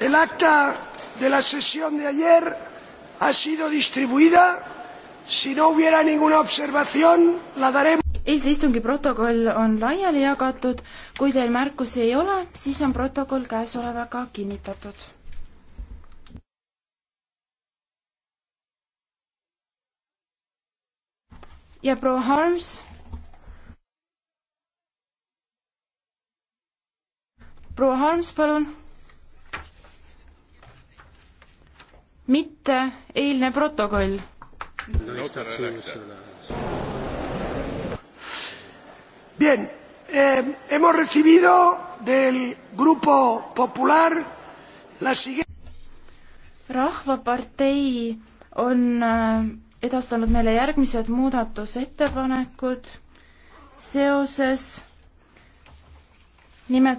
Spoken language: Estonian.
el acta de la sesión de ayer ha sido distribuida. Si no hubiera ninguna observación, la daremos. eilse istungi protokoll on laiali jagatud, kui teil märkusi ei ole, siis on protokoll käesolevaga kinnitatud. ja proua Harms. proua Harms, palun mitte eilne protokoll. Bien, eh, hemos recibido del Grupo Popular la siguiente. rahvapartei on eh, edastanud meile järgmised muudatusettepanekud seoses nimetatud